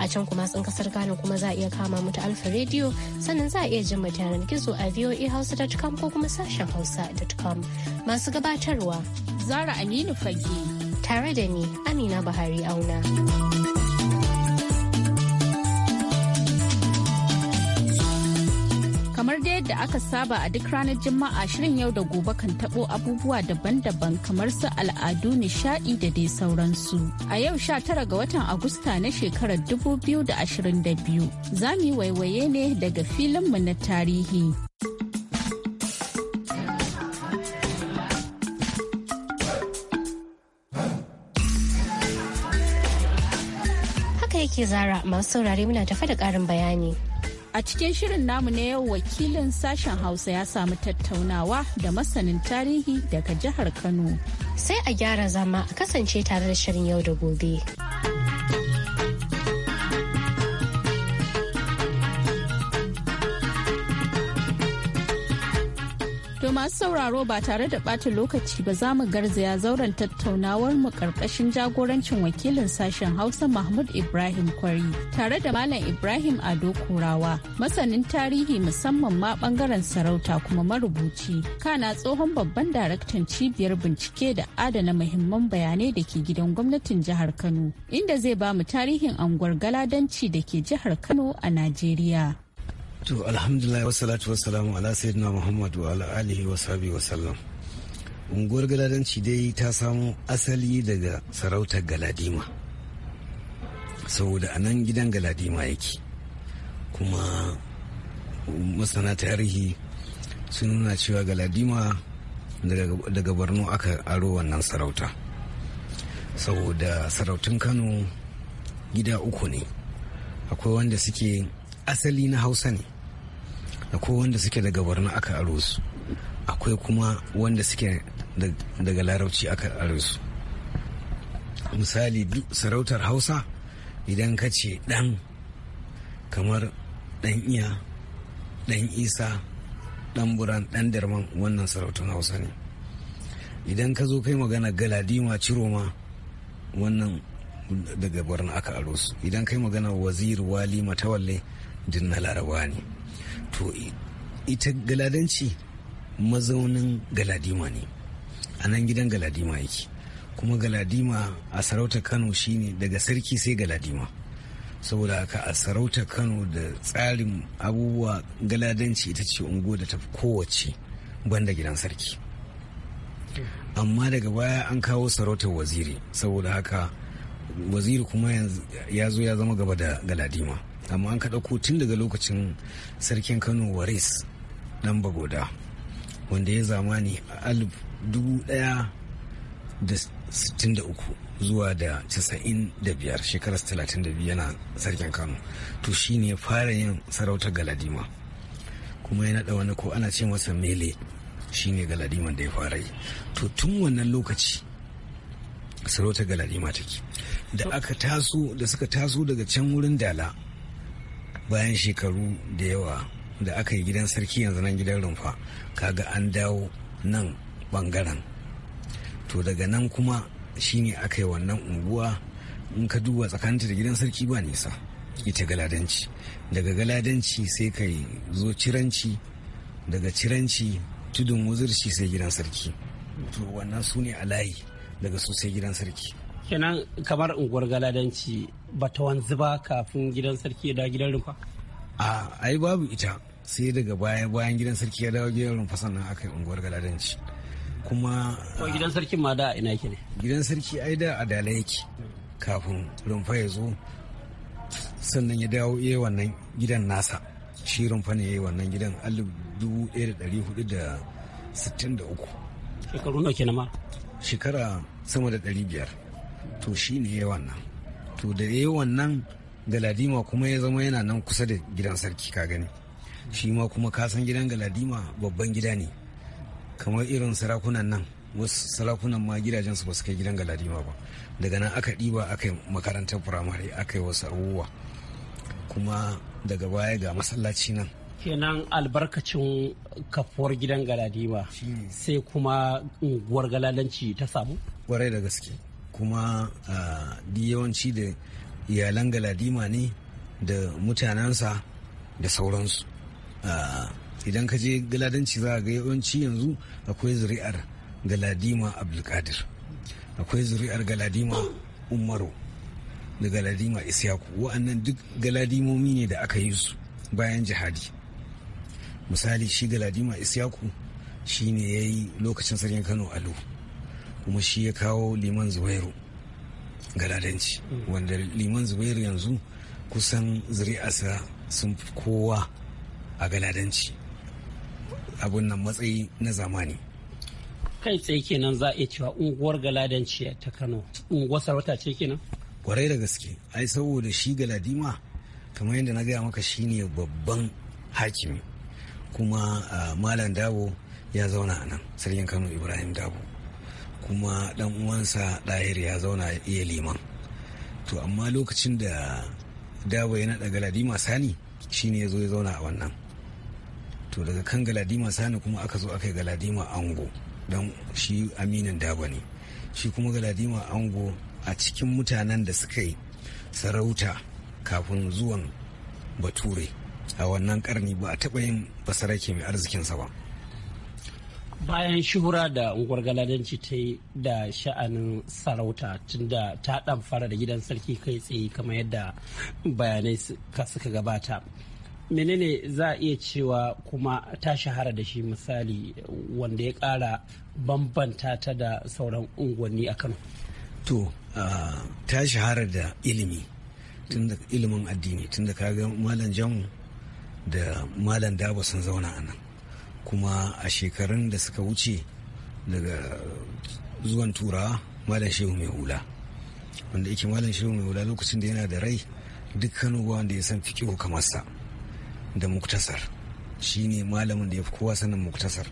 a can kuma sun kasar gane kuma za a iya kama mu Alfa Radio sannan za a iya jin mutanen gizo a voahouse.com ko kuma sashen hausa.com. Masu gabatarwa Zara Aminu Fage tare da ni Amina Buhari Auna. kamar da yadda aka saba a duk ranar jima'a shirin yau da gobe kan tabo abubuwa daban-daban kamar su al'adu, nishadi da dai sauransu. A yau sha tara ga watan Agusta na shekarar da 2022 za mu yi waiwaye ne daga filin mu na tarihi. Haka yake zara masu saurare muna tafa da ƙarin bayani. A cikin shirin namu na yau wakilin sashen Hausa ya samu tattaunawa da masanin tarihi daga jihar Kano. Sai a gyara zama a kasance tare da shirin yau da gobe. To masu sauraro ba tare da bata lokaci ba za mu garzaya zauren tattaunawar mu ƙarƙashin jagorancin wakilin sashen Hausa Mahmud Ibrahim Kwari tare da Malam Ibrahim Ado Kurawa masanin tarihi musamman ma ɓangaren sarauta kuma marubuci kana tsohon babban daraktan cibiyar bincike da adana muhimman bayanai da ke gidan gwamnatin jihar Kano inda zai ba mu tarihin anguwar galadanci da ke jihar Kano a Najeriya. to alhamdulillah wassalatu ala sayyidina muhammad wa ala alihi wa sahbihi wa sallam unguwar galadanci dai ta samo asali daga sarautar galadima saboda anan gidan galadima yake kuma masana tarihi sun nuna cewa galadima daga barno aka aro wannan sarauta saboda sarautun kano gida uku ne akwai wanda suke asali na hausa ne akwai wanda suke daga borno aka aro su akwai kuma wanda suke daga larabci aka aro su misali duk sarautar hausa idan ka ce dan kamar dan iya dan isa dan buran dan darman wannan sarautar hausa ne idan ka zo kai magana galadima ciroma wannan daga borno aka aro su idan kai magana wazir wali matawalle din na laraba ne to ita galadanci mazaunin galadima ne a nan gidan galadima yake kuma galadima a sarauta kano shine daga sarki sai galadima saboda haka a sarauta kano da tsarin abubuwa galadanci ita ce ungo da tafi kowace banda gidan sarki amma daga baya an kawo sarautar waziri saboda haka waziri kuma ya zo ya zama gaba da galadima amma an ka ɗauko tun daga lokacin sarkin kano waris dan bagoda wanda ya zamani a alif dubu daya da sittin da uku zuwa da casa'in da biyar shekarar talatin da biyu yana sarkin kano to shi ne fara yin sarautar galadima kuma ya naɗa wani ko ana ce masa mele shi ne galadiman da ya fara yi to tun wannan lokaci sarautar galadima take da aka taso da suka taso daga can wurin dala bayan shekaru da yawa da aka yi gidan sarki yanzu nan gidan rumfa kaga an dawo nan bangaren to daga nan kuma shine aka yi wannan unguwa in ka duba tsakanta da gidan sarki ba nisa ita galadanci daga galadanci sai ka zo ciranci daga ciranci tudun wuzurci sai gidan sarki to wannan su ne a layi daga su sai gidan sarki kenan kamar unguwar galadanci ba ta wanzu ba kafin gidan sarki ya dawo gidan rumfa a ai babu ita sai daga baya bayan gidan sarki ya dawo gidan rumfa sannan aka yi unguwar galadanci kuma gidan sarki ma da ina ke ne gidan sarki ai da dala yake kafin rumfa ya zo sannan ya dawo iya wannan gidan nasa shi rumfa ne ya yi wannan gidan alif dubu ɗaya da ɗari hudu da sittin da uku shekaru nawa kenan ma shekara sama da ɗari biyar to shi ne ya wannan to da ya wannan galadima kuma ya zama yana nan kusa da gidan sarki ka gani shi ma kuma kasan gidan galadima babban gida ne kamar irin sarakunan nan wasu sarakunan ma gidajen su ba su kai gidan galadima ba daga nan aka ɗiba aka yi makarantar firamare aka yi wasu abubuwa kuma daga baya ga masallaci nan kenan albarkacin kafuwar gidan galadima sai kuma unguwar galadanci ta samu kwarai da gaske kuma di yawanci da iyalan galadima ne da mutanensa da sauransu idan ka je galadanci za a ga yawanci yanzu akwai zuri'ar galadima abdulkadir akwai zuri'ar galadima umaru da galadima isyaku wa'annan duk galadimomi ne da aka yi su bayan jihadi misali shi galadima isyaku shi ne ya yi lokacin sarkin kano alu kuma shi ya kawo liman zubairu galadanci mm. wanda liman zubairu yanzu kusan zuri'arsa sun fi kowa a galadanci abun nan matsayi na zamani kai tsaye kenan za a cewa unguwar galadanci ta kano unguwar sarauta ce kenan kwarai da gaske ai saboda shi galadima kamar yadda na gaya maka shine babban hakimi kuma ah, malam dabo ya zauna a nan sarkin kano ibrahim dabo kuma dan uwansa ɗahir ya zauna iya liman to amma lokacin da dawa ya naɗa galadima sani shine ya zo ya zauna a wannan to daga kan galadima sani kuma aka zo aka yi galadima ango don shi aminin daba ne shi kuma galadima ango a cikin mutanen da suka yi sarauta kafin zuwan bature a wannan karni ba a taɓa yin basarake mai arzikinsa ba bayan shuhura da unguwar galadanci ta yi da sha'anin sarauta tunda ta dan fara da gidan sarki kai tsaye kamar yadda bayanai suka gabata menene za a iya cewa kuma ta shahara da shi misali wanda ya kara bambanta ta da sauran unguwanni a kano to ta shahara da ilimi tun ilimin addini tun da kaga malam jamu da malam dabo sun zauna a nan kuma a shekarun da suka wuce daga zuwan turawa malam shehu mai hula wanda yake malam shehu mai hula lokacin da yana da rai dukkan ba wanda ya san fikihu kamarsa da muktasar shi ne malamin da ya fi kowa sanin muktasar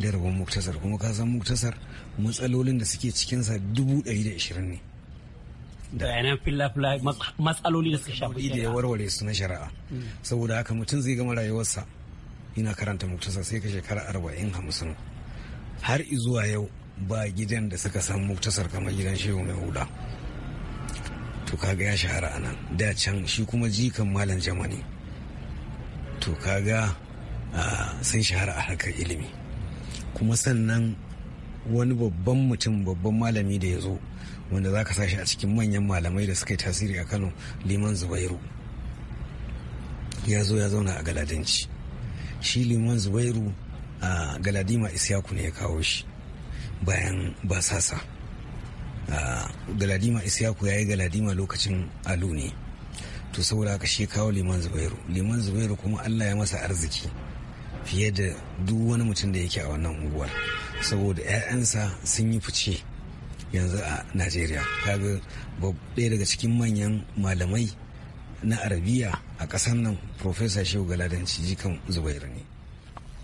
da rabon muktasar kuma ka san muktasar matsalolin da suke cikinsa dubu ɗari da ashirin ne da yanan matsaloli da suka shafi da ya warware su na shari'a mm. saboda haka mutum zai gama rayuwarsa ina karanta muktasar sai ka shekara arba'in hamsin har zuwa yau ba gidan da suka san muktasar kamar gidan shehu mai huda to kaga ya shahara a nan da can shi kuma jikan malam jamani to kaga sun shahara a harkar ilimi kuma sannan wani babban mutum babban malami da ya zo wanda za ka sashi a cikin manyan malamai da suka yi tasiri a kano liman zubairu ya zo ya zauna a galadanci shi liman zubairu a galadima isiyaku ne ya kawo shi bayan basasa galadima isyaku ya yi galadima lokacin alu ne to saboda haka shi kawo liman zubairu liman zubairu kuma allah ya masa arziki fiye da duk wani mutum da yake a wannan unguwar saboda 'ya'yansa sun yi fice yanzu a najeriya kaga ɗaya daga cikin manyan malamai na arabiya a ƙasar nan profesa shehu galadanci jikan zubairu ne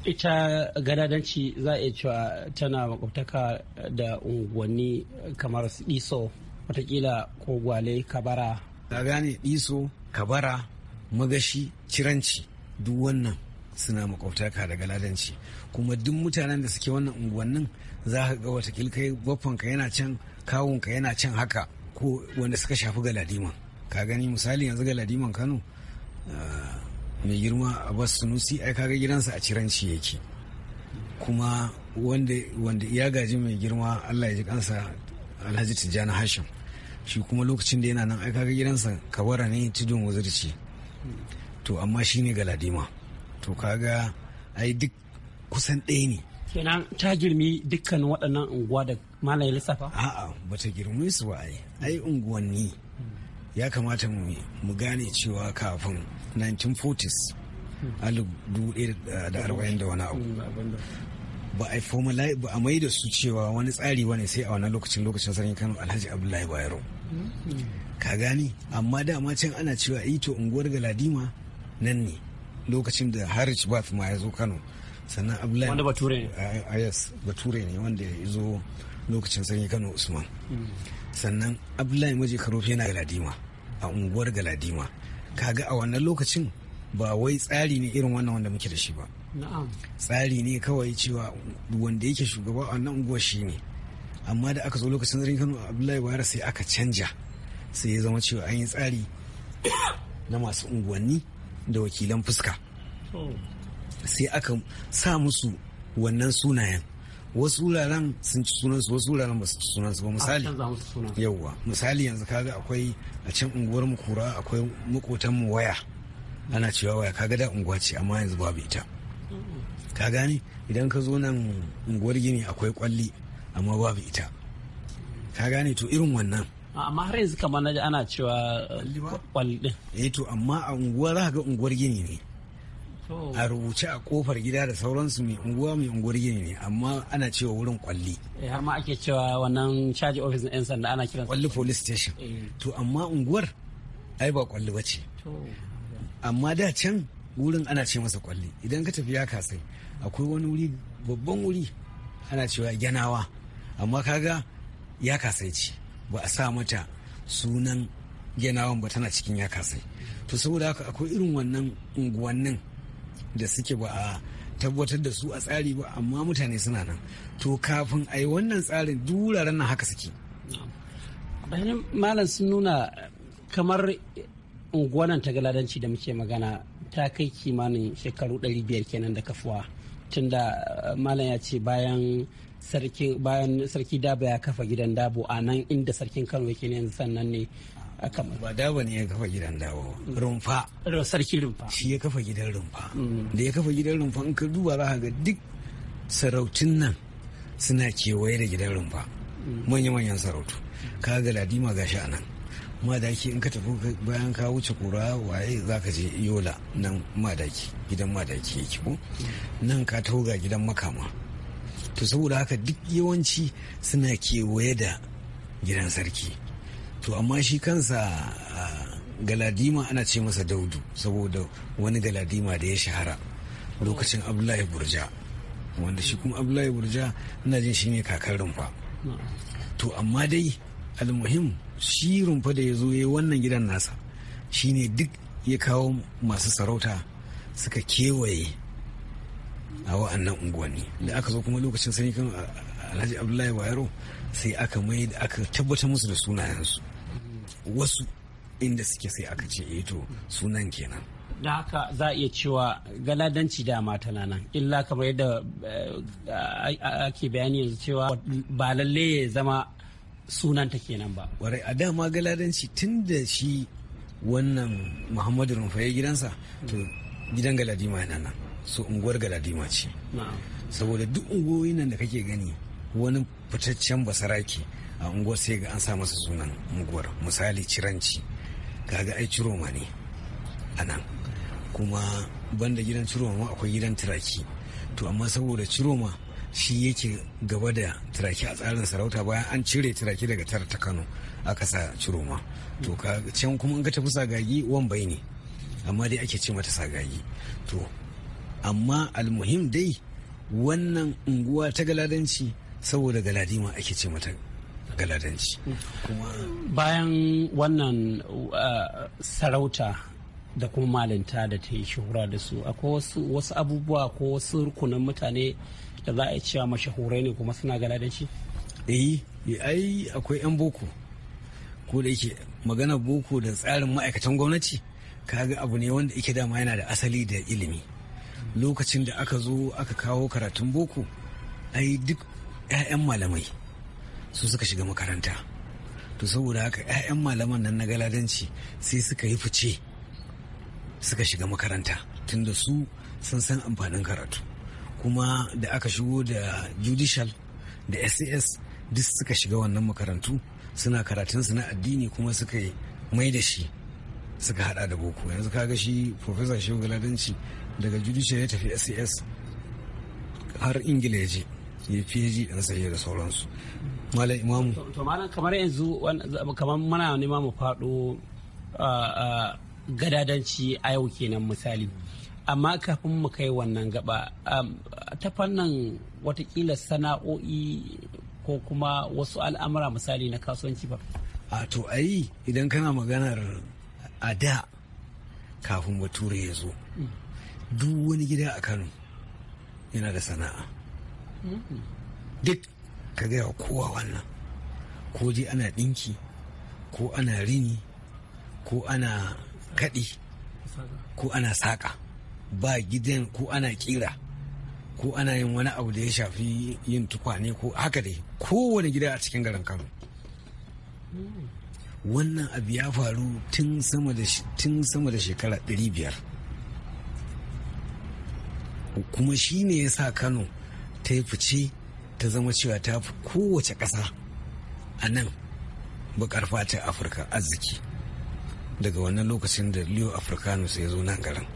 ita galadanci za a iya cewa tana makwabtaka da unguwanni kamar iso watakila ko gwale kabara ta gane iso kabara magashi ciranci duk wannan suna makwabtaka da galadanci kuma duk mutanen da suke wannan unguwannin za ka ga watakil kai baffanka yana can kawunka yana can haka ko wanda suka shafi galadiman ka gani misali yanzu ga ladiman kano ah, mai girma abbas sunusi ai kaga gidansa a ciranci yake kuma wanda iya ya gaji mai girma allah ya ji kansa alhaji tijjani hashim shi kuma lokacin da yana nan ai kaga gidansa kabara ne tudun wuzirci to amma shi ne galadima to kaga ai duk kusan ɗaya ne kenan ta girmi dukkan waɗannan unguwa da malam lissafa a'a bata girme su ba ai ai unguwanni ya kamata mu gane cewa kafin 1940s alif da arba'in da wani abu ba a formalize ba a mai da su cewa wani tsari wani sai a wani lokacin lokacin sarki kano alhaji abdullahi bayero ka gani amma dama can ana cewa ito unguwar galadima nan ne lokacin da harish bath ma ya zo kano sannan abdullahi wanda bature ne ah, ah, yes bature ne wanda ya zo lokacin sarki kano usman hmm. sannan abdullahi maji karofi yana galadima a unguwar galadima kaga a wannan lokacin ba wai tsari ne irin wannan wanda muke da shi ba tsari ne kawai cewa wanda yake shugaba a wannan unguwar shi ne amma da aka zo lokacin zarin kano abdullahi bayar sai aka canja sai ya zama cewa an yi tsari na masu unguwanni da wakilan fuska sai aka sa musu wannan sunayen wasu wuraren sun ci sunansu wasu wuraren ba su ci sunansu ba misali yauwa misali yanzu kaga akwai a can unguwar mu kura akwai makotan mu waya ana cewa waya kaga da unguwa ce amma yanzu babu ita ka gani idan ka zo nan unguwar gini akwai kwalli amma babu ita ka gani to irin wannan amma har yanzu kamar na ana cewa eh, kwalli eh to amma a unguwar ga unguwar gini ne a rubuce a kofar gida da sauransu mai unguwa mai unguwar gini ne amma ana cewa wurin kwalli eh, har ma ake cewa wannan caji ofis na 'yan sanda ana kiran kwalli police station eh. to amma unguwar ai ba kwalli ba ce amma da can wurin ana ce masa kwalli idan ka tafi ya kasai akwai wani wuri babban wuri ana cewa gyanawa amma kaga ya kasai ce ba a sa mata sunan ganawan ba tana cikin ya kasai to saboda haka akwai irin wannan unguwannin da suke ba a tabbatar da su a tsari ba amma mutane suna nan to kafin a yi wannan tsarin duraren nan haka suke bayanan malam sun nuna kamar unguwanan ta galadanci da muke magana ta kai kimanin shekaru 500 kenan da kafuwa tunda eh, malam ya ce bayan sarki bayan daba ya kafa gidan dabo a nan inda sarkin kano yake ne sannan ne a ba dawo ne ya kafa gidan dawo rumfa sarki rumfa shi ya kafa gidan rumfa mm. da ya kafa gidan rumfa in ka duba za ga duk sarautun nan suna kewaye da gidan rumfa mm. manya-manyan sarautu ka ga ladima gashi a nan madaki in ka tafi bayan ka wuce kura waye za ka je yola nan madaki gidan madaki ya ko mm. nan ka toga gidan makama to saboda haka duk yawanci suna kewaye da gidan sarki to amma shi kansa galadima ana ce masa daudu saboda wani galadima da ya shahara lokacin abdullahi burja wanda shi kuma abdullahi burja ina jin shi ne kakar rumfa to amma dai almuhim shi rumfa da ya zo ya wannan gidan nasa shi ne duk ya kawo masu sarauta suka kewaye a wa'annan unguwanni da aka zo kuma lokacin sani kan alhaji abdullahi bayero sai aka mai aka tabbatar musu da sunayensu wasu inda suke sai aka ce e to sunan kenan da haka za a iya cewa galadanci dama tana nan illa kamar yadda eh, ake bayani yanzu cewa ba lalle ya zama sunan ta kenan ba warai a dama galadanci tun da shi wannan muhammadu rumfaye gidansa to gidan galadima yana nan so unguwar galadima ce saboda duk unguwoyin nan da kake gani wani fitaccen basarake a unguwar sai ga an sa masa sunan unguwar misali ciranci kaga ai ciroma ne a nan kuma banda gidan ciroma akwai gidan turaki to amma saboda ciroma shi yake gaba da turaki a tsarin sarauta bayan an cire turaki daga tara ta kano aka sa ciroma to can kuma in ka tafi sagagi wambai ne amma dai ake ce mata sagagi to amma almuhim dai wannan unguwa ta galadanci saboda galadima ake ce mata galadanci bayan wannan uh, sarauta da kuma malinta da ta yi shahura da su akwai wasu abubuwa ko wasu rukunan mutane da za a cewa mashahurai ne kuma suna galadanci eh ai akwai 'yan boko ko da yake magana boko da tsarin ma'aikatan gwamnati ka ga abu ne wanda ike dama yana da asali da ilimi lokacin da aka zo aka kawo karatun boko ai duk 'ya'yan malamai su suka shiga makaranta to saboda haka 'ya'yan malaman nan na galadanci sai suka yi fice suka shiga makaranta tunda su sun san amfanin karatu kuma da aka shigo da judicial da sas duk suka shiga wannan makarantu suna karatunsu na addini kuma suka yi mai da shi suka hada da boko yanzu kaga shi professor shehu galadanci daga judicial ya tafi sas har ingila ya je ya ji ɗan ya da sauransu. Malam Imamu. To malam kamar yanzu kamar muna nema mu faɗo gadadanci a yau kenan misali. Amma kafin mu kai wannan gaba ta fannin watakila sana'o'i ko kuma wasu al'amura misali na kasuwanci ba. A to ayi idan kana maganar a da kafin bature ya zo mm. duk wani gida a Kano yana da sana'a. duk ka gaya kowa wannan ko je ana dinki, ko ana rini ko ana kaɗi ko ana saƙa ba gidan ko ana ƙira ko ana yin wani abu da ya shafi yin tukwane ko haka dai kowane gida a cikin garin kano wannan abu ya faru tun sama da shekara 500 kuma shi ne ya sa kano ta yi fice ta zama cewa ta fi kowace ƙasa a nan bukar fata afirka arziki daga wannan lokacin da leo africanus ya zo nan garin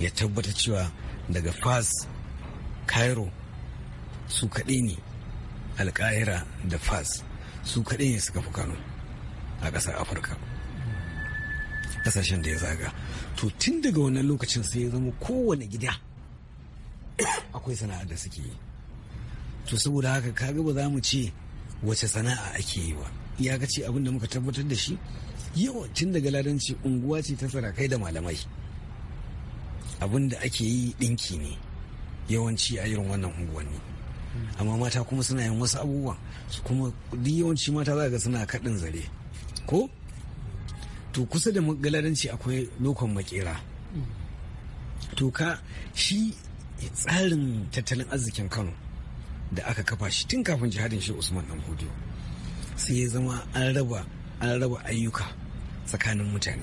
ya tabbata cewa daga fas cairo su kaɗai ne alkahira da fas su kaɗai ne suka fi kano a ƙasar afirka ƙasashen da ya zaga to tun daga wannan lokacin sai ya zama kowane gida akwai sana'ar da suke yi to saboda haka kaga ba za mu ce wace sana'a ake yi ba ya ga ce abin da muka tabbatar da shi tun daga ladanci unguwa ce ta sarakai da malamai abinda ake yi ɗinki ne yawanci a irin wannan unguwanni amma mata kuma suna yin wasu abubuwa kuma duk yawanci mata za ga suna kaɗin zare ko to kusa da galadanci akwai lokon makera to ka shi tsarin tattalin arzikin kano da aka kafa shi tun kafin jihadin shi usman dan hodiyo sai ya zama an raba an raba ayyuka tsakanin mutane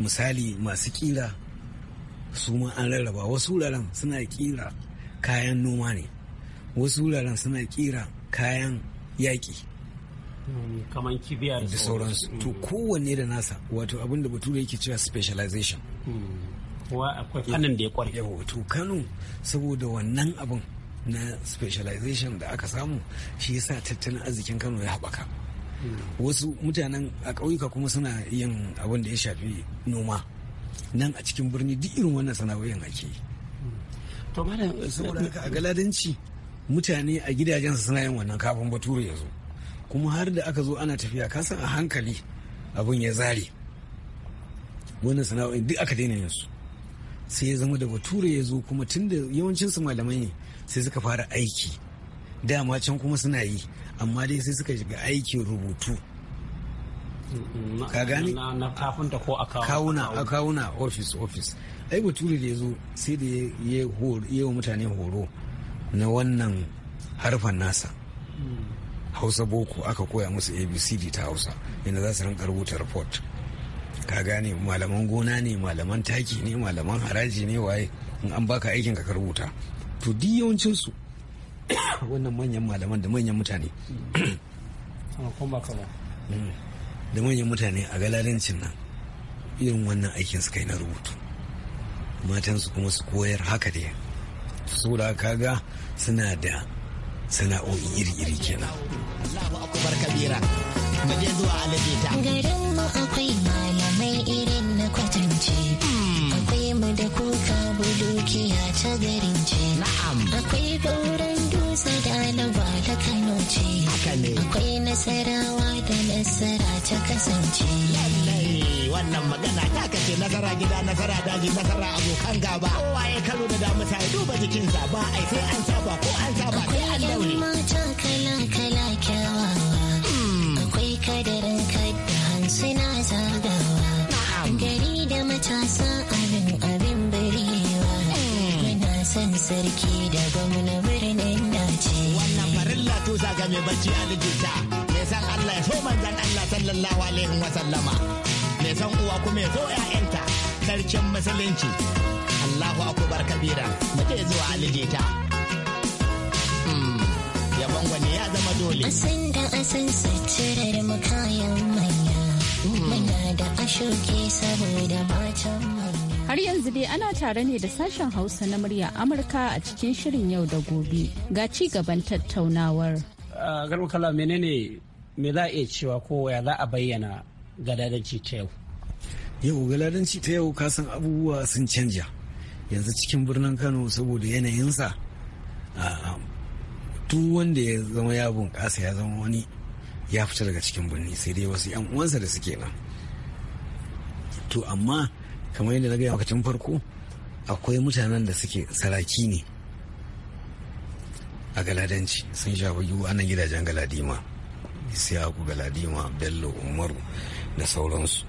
misali masu kira su ma an rarraba wasu wuraren suna kira kayan noma ne wasu wuraren suna kira kayan yaƙi hmm, kamar kibiyar da sauransu to hmm. kowanne da nasa wato abin da bature yake cewa specialization hmm. wa akwai fannin da ya kware to kano saboda wannan abin na specialization da aka samu shi yasa tattalin arzikin kano ya haɓaka wasu mutanen a ƙauyuka kuma suna yin abin da ya shafi noma nan a cikin birni duk irin wannan sana'o'in ake yi to a galadanci mutane a gidajensu suna yin wannan kafin bature ya zo kuma har da aka zo ana tafiya kasan a hankali abin ya zare wannan sana'o'in duk aka daina yin su sai ya zama da bature ya zo kuma tun da yawancin malamai ne sai suka fara aiki dama can kuma suna yi amma dai sai suka shiga aikin rubutu ka gani na kafinta ko a kawuna a kawuna office office ai bature da ya zo sai da ya yi wa mutane horo na wannan harfan nasa hausa boko aka koya musu abcd ta hausa yana za su rinka rubuta report ka gane malaman gona ne malaman taki ne malaman haraji ne waye in an baka aikin ka rubuta to yawancinsu wannan manyan malaman da manyan mutane mm. da manyan mutane a galarancin nan irin wannan aikin su kai na rubutu matansu kuma su koyar haka da da kaga suna da sana'o'i iri-iri kenan mu akwai malamai irin na kwatance hmm. akwai mu da kuka budukiya ta gari gauran dutse da alaba ta kano ce akwai nasarawa da nasara ta kasance wannan magana ta kace nasara gida nasara daji nasara abokan gaba kowa ya karo da damuta ya duba jikinsa ba ai sai an saba ko an saba sai an daure mata kala kala kyawawa hmm. akwai kadarin kadda hansu na zagawa gari da matasa abin abin san sarki da gwamna birnin na ce. Wannan farin Latusa ga mai bacci a likita. Me san Allah ya so manzan Allah sallallahu alaihi wa sallama. Me san uwa kuma ya so ‘ya'yanta. Sarkin musulunci. Allahu akubar kabira. Mace zuwa alijita. Hmm, yabon gwani ya zama dole. Asan da asan suturar mu kayan manya. Hmm. Muna da ashoke saboda matan manya. Har yanzu dai ana tare ne da sashen Hausa na murya Amurka a cikin shirin yau da gobe. Ga ci gaban tattaunawar. Garba kala menene me za a iya cewa ko ya za a bayyana galadanci ta yau? Yau galadanci ta yau kasan abubuwa sun canja. Yanzu cikin birnin Kano saboda yanayinsa duk wanda ya zama ya bunƙasa ya zama wani ya fita daga cikin birni sai dai wasu 'yan uwansa da suke nan. To amma kamar yadda na gaya maka tun farko akwai mutanen da suke saraki ne a galadanci sun shafi yiwu anan gidajen galadima aku galadima bello umaru da sauransu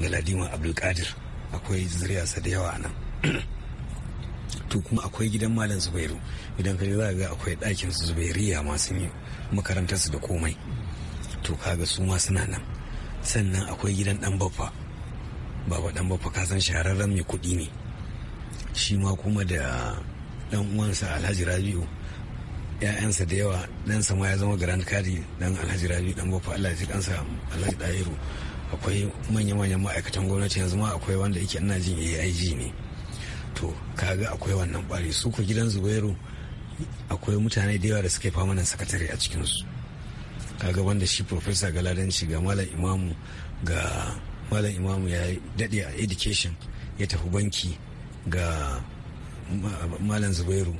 galadima abdulkadir akwai sa da yawa nan to kuma akwai gidan malam zubairu idan ka za ga akwai ɗakin su zubairiya masu yi makarantarsu da komai to kaga su ma suna nan sannan akwai gidan dan baffa baba dan bafa fa kasan shahararren mai kuɗi ne shi ma kuma da ɗan uwansa alhaji rabiu ya'yansa da yawa ɗan sama ya zama grand kadi ɗan alhaji rabiu ɗan bafa allah ji kansa alhaji dahiru akwai manya-manyan ma'aikatan gwamnati yanzu ma akwai wanda yake ina jin aig ne to kaga akwai wannan ɓari su ku gidan zubairu akwai mutane da yawa da suka yi nan sakatare a cikinsu kaga wanda shi profesa galadanci ga malam imamu ga malam imamu ya daɗe a education ya tafi banki ga malam zubairu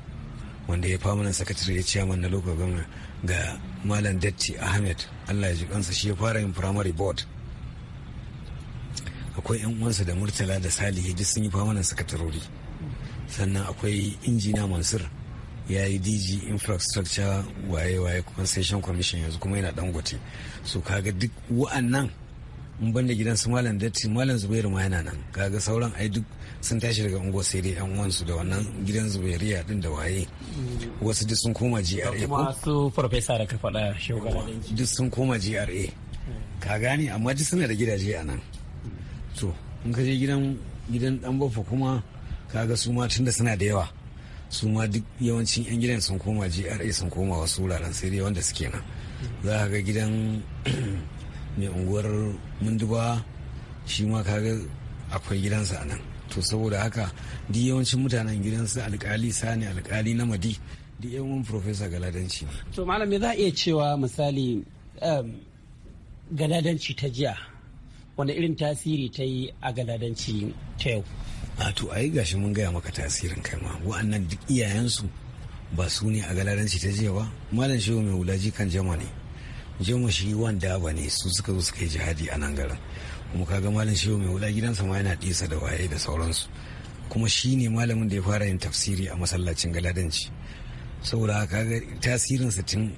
wanda ya famanan sakatare ya ciya na lokacin gwamna ga malam datti ahmed allah ya ji kansa shi ya fara yin primary board akwai yan uwansa da murtala da salihu duk sun yi famanan sakatarori sannan akwai injina mansur ya yi dg infrastructure waye-waye session commission yanzu kuma yana dangote so kaga duk wa'annan in banda gidan su malam datti malam zubairu ma yana nan kaga sauran ai duk sun tashi daga ungo sai dai yan uwansu da wannan gidan zubairiya din da waye wasu duk sun koma GRA kuma su professor da ka faɗa shugaba duk sun koma GRA ka gani amma duk suna da gidaje a nan to in ka je gidan gidan dan bafa kuma kaga su ma tunda suna da yawa su ma duk yawancin yan gidan sun koma GRA sun koma wasu wuraren sai dai wanda suke nan za ka ga gidan mai unguwar munduba shi ma kaga akwai gidansa a nan to saboda haka duk yawancin mutanen gidansu alkali sani alkali na madi duk yawan profesa galadanci to malam za a iya cewa misali um, galadanci ta jiya wani irin tasiri ta yi a galadanci ta yau a to a yi gashi mun gaya maka tasirin kai ma wa'annan duk iyayensu ba su ne a galadanci ta jiya ba malam shehu mai wulaji kan jama ne jama shi wanda ba ne su suka zo suka yi jihadi a nan garin kuma kaga malam shehu mai wula gidansa ma yana ɗisa da waye da sauransu kuma shi ne malamin da ya fara yin tafsiri a masallacin galadanci saboda kaga tasirinsa tun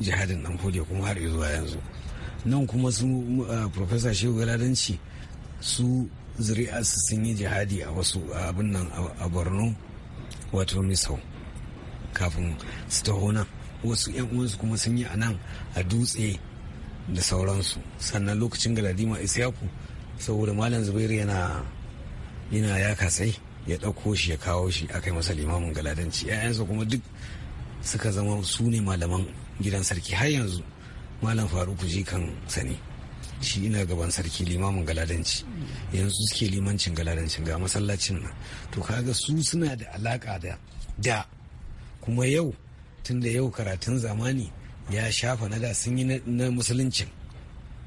jihadin nan fode kuma har zuwa yanzu nan kuma su uh, professor shehu galadanci su su sun yi jihadi a wasu abin nan a borno wato misau kafin su taho nan wasu 'yan uwansu kuma sun yi a nan a dutse da sauransu sannan lokacin galadima isyaku saboda malam zubairu yana yana ya kasai ya ɗauko shi ya kawo shi aka yi masa limamin galadanci 'ya'yansa kuma duk suka zama su ne malaman gidan sarki har yanzu malam faruku ji kan sani shi ina gaban sarki limamin galadanci yanzu suke limancin galadancin ga masallacin nan to kaga su suna da alaka da da kuma yau tun da yau karatun zamani ya shafa na da sun yi na musuluncin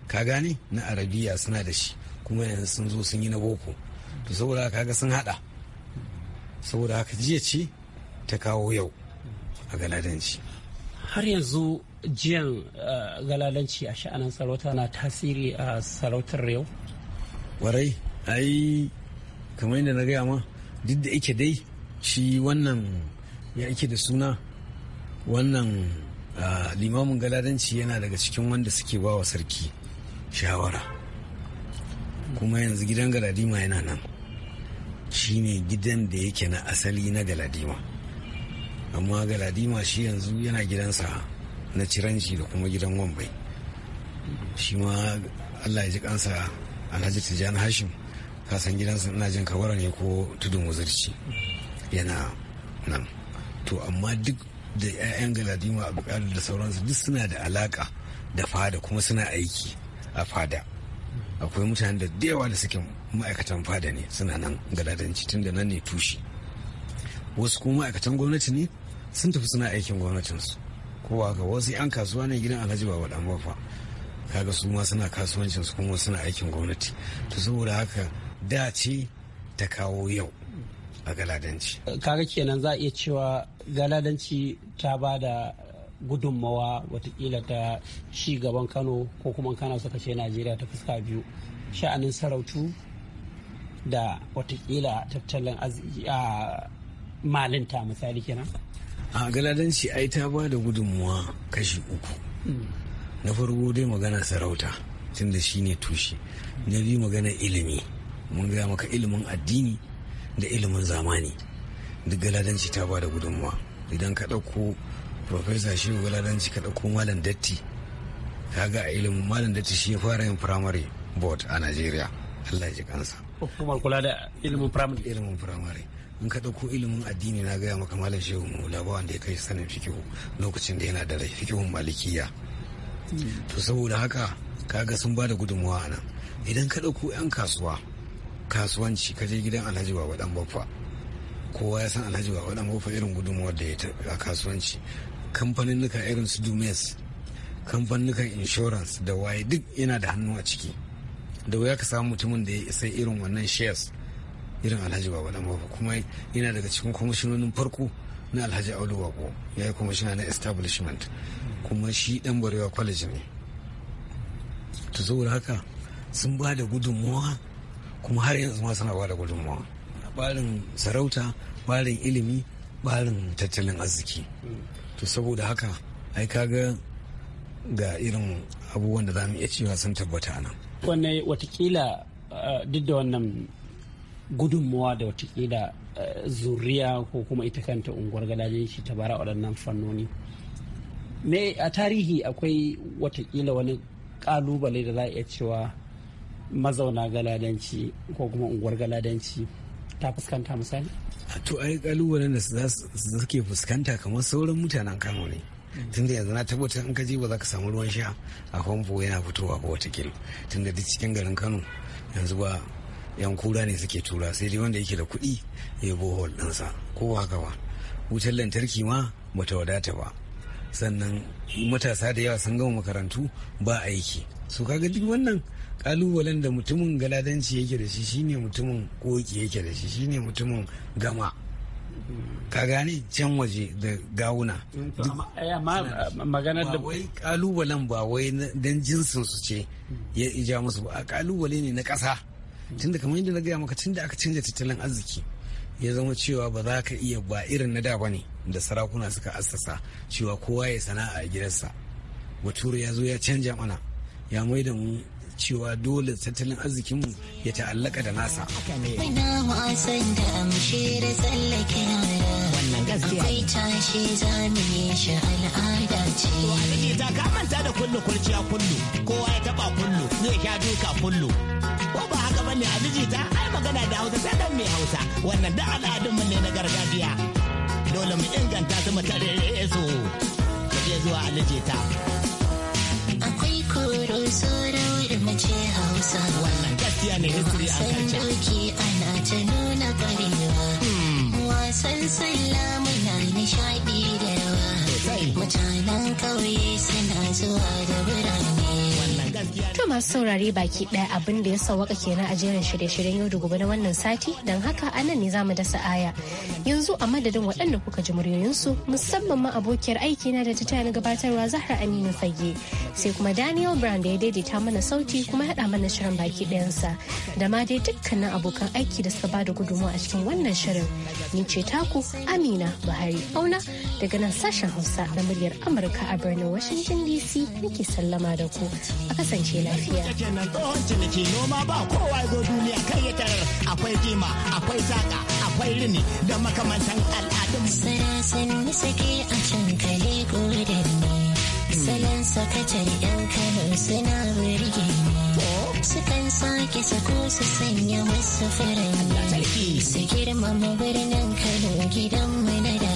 ka gane na arabiya suna da shi kuma yanzu sun zo sun yi na boko to saboda kaga sun hada saboda haka jiya ce ta kawo yau a galadanci har yanzu jiyan eh, galadanci a sha'anin sarauta na tasiri a sarautar yau warai ai kamar yadda na gaya ma duk da ike dai shi wannan ya ike da suna wannan limamin galadanci yana daga cikin wanda suke ba wa sarki shawara kuma yanzu gidan galadima yana nan shine gidan da yake na asali na galadima amma galadima shi yanzu yana gidansa na ciranci da kuma gidan wambai shi ma allah ya ji kansa alhaji tijjani hashim kasan gidansa ina jin kawara ne ko tudun wuzarci yana nan to amma duk da 'ya'yan galadima a bukari da sauransu duk suna da alaka da fada kuma suna aiki a fada akwai mutane da yawa da suke ma'aikatan fada ne suna nan galadanci tun da nan ne tushe wasu kuma ma'aikatan gwamnati ne sun tafi suna aikin gwamnatinsu kowa ga wasu 'yan kasuwa ne gidan alhaji ba waɗan bafa kaga su ma suna kasuwancinsu kuma suna aikin gwamnati to saboda haka da ce ta kawo yau a galadanci kaga kenan za a iya cewa galadanci ta ba da gudunmawa watakila ta ci gaban kano ko kuma Kano suka ce najeriya ta fuska biyu sha'anin sarautu da watakila tattalin a malinta misali kenan a galadanci ai ta ba da gudunmawa kashi uku hmm. na farko dai magana sarauta tunda shi ne tushe na biyu magana ilimi mun gaya maka ilimin addini da ilimin zamani duk galadanci ta ba da gudunmuwa idan ka ɗauko profesa shi galadanci ka ɗauko malam datti ga a ilimin malam datti shi ya fara yin firamare board a najeriya allah ya ji kansa hukumar kula da ilimin firamare ilimin firamare in ka ɗauko ilimin addini na gaya maka malam shehu mula labawan da ya kai sanin fikihu lokacin da yana da rai fikihu malikiya to saboda haka kaga sun ba da gudunmuwa a nan idan ka ɗauko 'yan kasuwa kasuwanci ka je gidan alhaji baba dan baffa kowa ya san alhaji ba wadan kofa irin gudunmuwar da ya a kasuwanci kamfaninnuka irin su dumes kamfaninnukan insurance da waye duk yana da hannu a ciki da wuya ka samu mutumin da ya isa irin wannan shares irin alhaji ba dan baba kuma yana daga cikin kwamishinonin farko na alhaji audu wako ya yi kwamishina na establishment kuma shi dan barewa college ne to saboda haka sun ba da gudunmawa kuma har yanzu ma suna ba da gudunmawa barin sarauta barin ilimi barin tattalin arziki to saboda haka ai kaga ga irin abubuwan da za mu iya cewa sun tabbata nan wannan watakila eh, duk da wannan gudunmuwa da watakila eh, zuriya ko kuma ita kanta unguwar gadajen shi ta bara waɗannan fannoni me a tarihi akwai watakila wani kalubale da za a iya cewa mazauna galadanci ko kuma unguwar galadanci ta fuskanta misali to ai kalubalen da za ke fuskanta kamar sauran mutanen kano ne tun da yanzu na tabbatar in ka je ba za ka samu ruwan sha a famfo yana fitowa ba watakila tun da duk cikin garin kano yanzu ba yan kura ne suke tura sai dai wanda yake da kuɗi ya bohol ɗinsa ko haka ba wutar lantarki ma bata wadata ba sannan matasa da yawa sun gama makarantu ba aiki su kaga duk wannan kalubalen da mutumin galadanci yake da shi shine mutumin koki yake da shi shine mutumin gama ka gane can waje da gawuna eh, maganar da wai kalubalen ba wai dan jinsin su ce ya ija musu ba kalubale ne na ƙasa tunda kamar yadda na gaya maka tunda aka canza tattalin arziki ya zama cewa ba za ka iya ba irin na da ba ne da sarakuna suka assasa cewa kowa ya sana'a a gidansa bature ya zo ya canja mana ya mai da mu cewa dole tattalin arzikinmu ya ta'allaka da nasa. Akwai tashi zamani shi al'ada ce. To a ta ka manta da kullu kurciya kullu kowa ya taba kullu zai sha duka kullu. Ko ba haka bane a ta ai magana da Hausa sai dan mai Hausa wannan da al'adun mu ne na gargajiya. Dole mu inganta su mu tare su. Ka je zuwa alijita. Akwai koro sora na ce hausa wannan gaskiya ne ana ta nuna karewa hmm. wasan sallah muna nishaɗi da yawa Mutanen To masu saurari baki ɗaya abin da ya sauwaka kenan a jerin shirye-shiryen yau da gobe na wannan sati don haka a nan ne za mu dasa aya. Yanzu a madadin waɗanda kuka ji muryoyinsu musamman ma abokiyar aiki na da ta na gabatarwa Zahra Aminu Fage sai kuma Daniel Brown da ya daidaita mana sauti kuma haɗa mana shirin baki ɗayansa da ma dai dukkanin abokan aiki da suka ba da gudunmawa a cikin wannan shirin. Ni ce taku Amina Buhari Auna daga nan sashen Hausa na muryar Amurka a birnin Washington DC nake sallama da ku a kasance lafiya. noma ba kowa zo duniya kai ya tarar akwai kima akwai saka akwai rini da makamantan al'adun. Sarasan sake a can kale godanni. Salon sakatar 'yan Kano suna burge ni. Sukan sake sako su sanya wasu furanni. Su girmama birnin Kano gidanmu na da